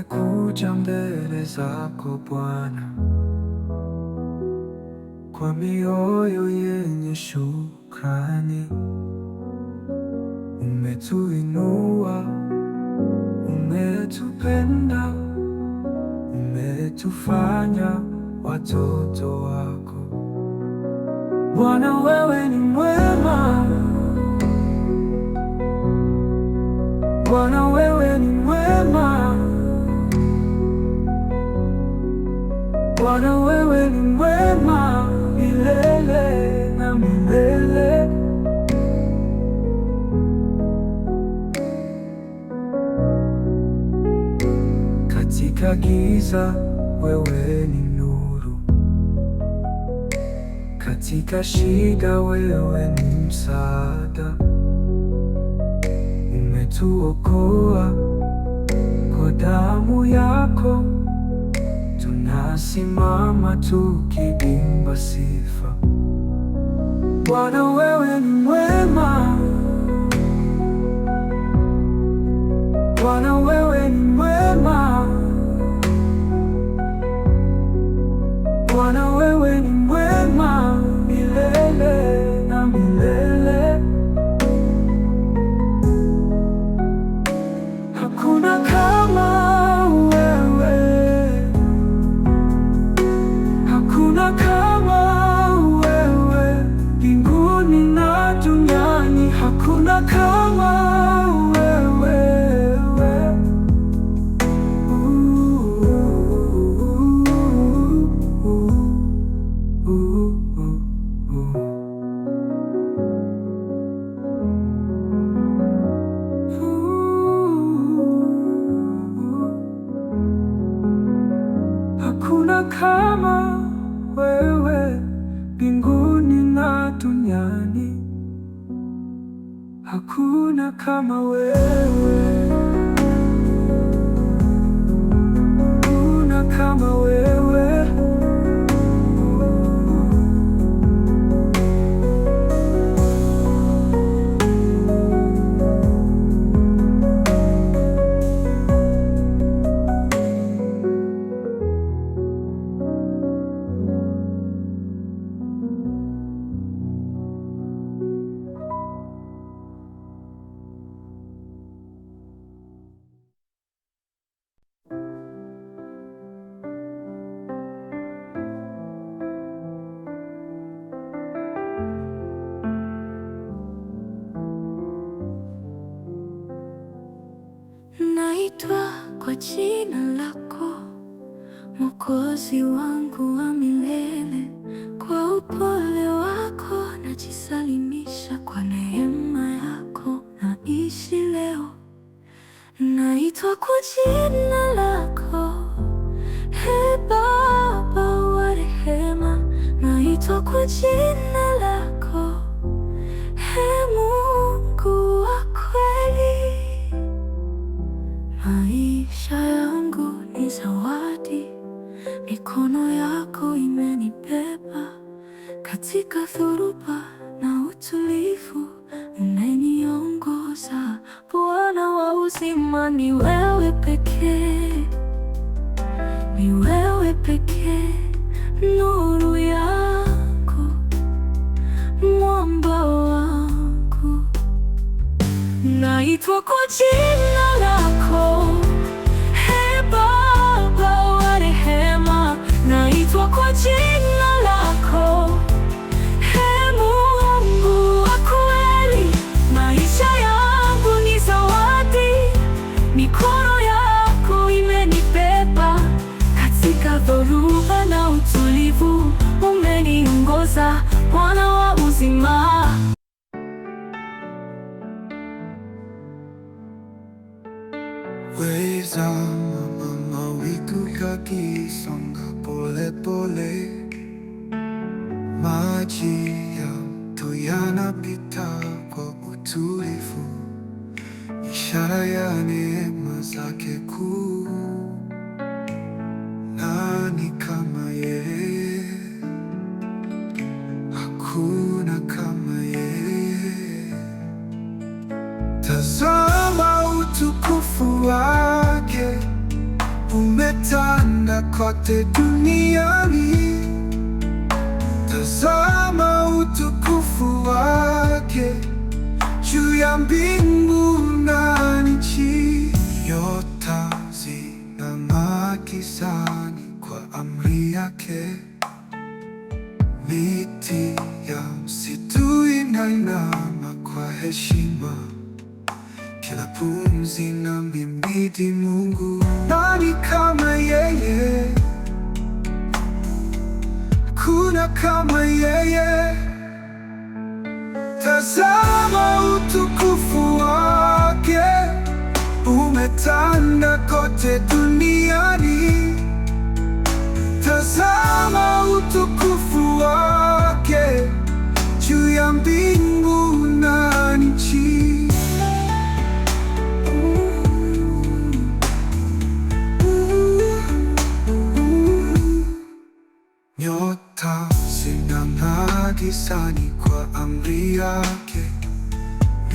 nimekuja mbele zako Bwana kwa mioyo yenye shukrani. Umetuinua, umetupenda, umetufanya watoto wako Bwana. Wewe ni mwema Bwana. Bwana wewe ni mwema milele na milele. Katika giza wewe ni nuru, katika shida wewe ni msaada. Umetuokoa kwa damu yako tunasimama tukibimba sifa. Bwana, wewe ni mwema, Bwana, wewe ni mwema. hakuna kama wewe mbinguni na duniani, hakuna kama wewe, hakuna kama wewe. kwa jina lako, He Baba wa rehema, naitwa kwa jina lako, e Mungu wa kweli. Maisha yangu ni zawadi, mikono yako imenibeba katika dhuruba na utulivu. naitwa kwa jina lako, He Baba wa rehema, naitwa kwa jina lako, He Mungu wa kweli. Maisha yangu ni zawadi, mikono yako imenibeba katika dhoruba na utulivu, umeniongoza Bwana wa uzima napita kwa utulivu, ishara ya neema zake kuu. Nani kama yeye? Hakuna kama yeye. Tazama utukufu wake umetanda kote duniani. Tazama utukufu utukufu wake juu ya mbingu na nchi. Nyota zinang'aa gizani kwa amri yake, miti ya msitu inainama kwa heshima, kila pumzi na mbimbidi Mungu. Nani kama yeye? Kuna kama yeye Tazama utukufu wake umetanda kote duniani.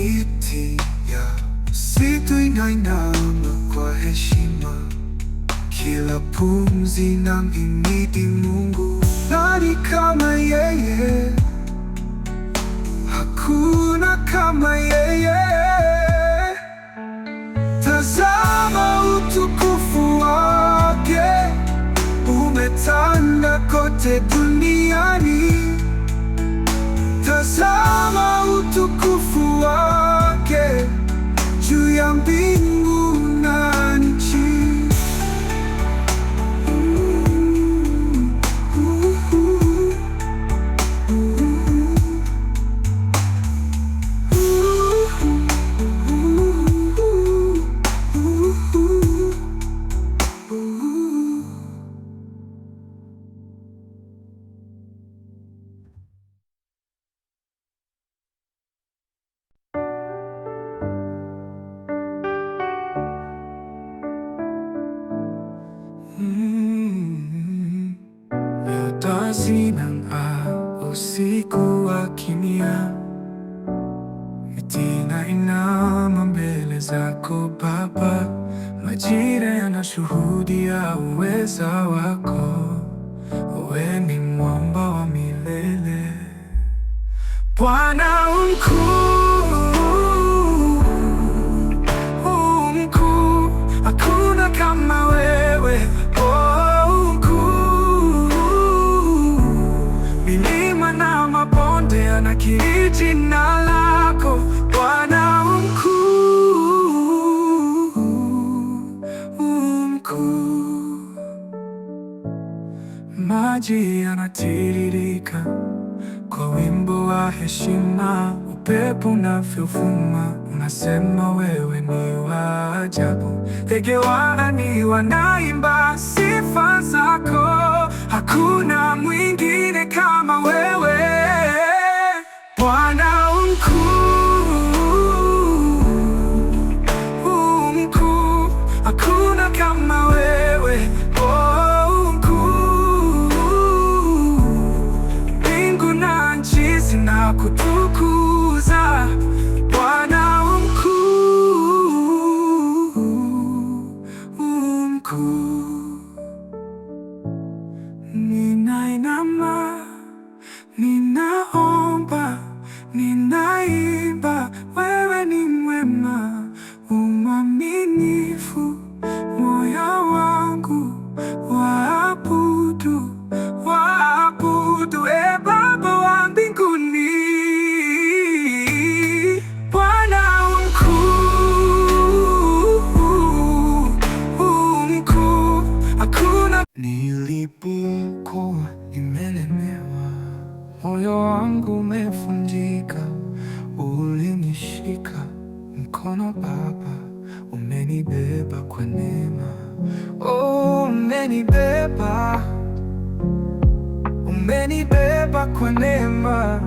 miti ya msitu inainama kwa heshima, kila pumzi na mhimidi Mungu. Nani kama yeye? Hakuna kama yeye. Sinang'a ah, usiku wa itina ninainama mbele zako Baba, majira yanashuhudia uweza wako. Wewe ni mwamba wa milele, Bwana mkuu maji yanatiririka kwa wimbo wa heshima. Upepo unavyovuma unasema wewe ni wa ajabu. Ndege wani wanaimba sifa zako, hakuna mwingine kama wewe Bwana mkuu. you. umenibeba, umenibeba kwa neema,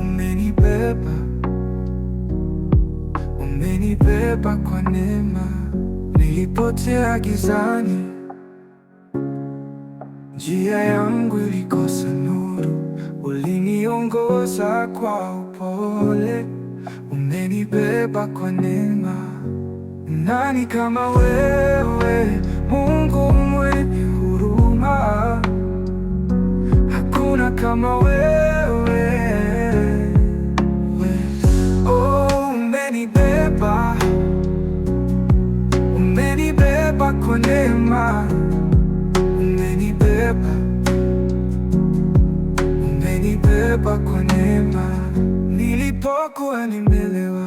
umenibeba, umenibeba kwa neema. Nilipotea gizani, njia yangu ilikosa nuru, uliniongoza kwa upole, umenibeba kwa neema. Nani kama wewe? Mungu mwenye huruma, hakuna kama wewe. Oh, umenibeba, umenibeba kwa neema, umenibeba, umenibeba kwa neema. Nilipokuwa nimelewa,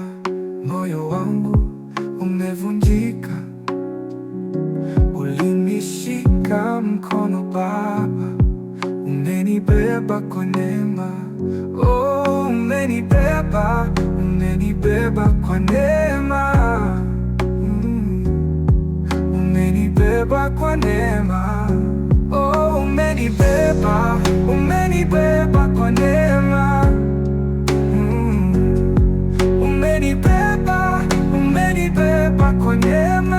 moyo wangu umevunjika Shika mkono Baba, umenibeba kwa neema. Oh, umenibeba, umenibeba kwa neema mm. Umenibeba kwa neema oh, umenibeba, umenibeba kwa neema mm. Umenibeba, umenibeba kwa neema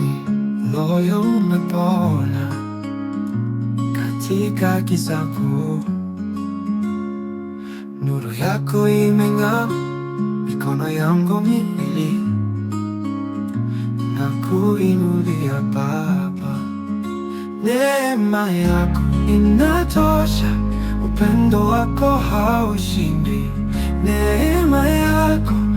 kazi, moyo umepona katika giza kuu. Nuru yako imeng'aa mikono yangu miwili na kuinulia Baba, neema yako inatosha, upendo wako haushindi, neema yako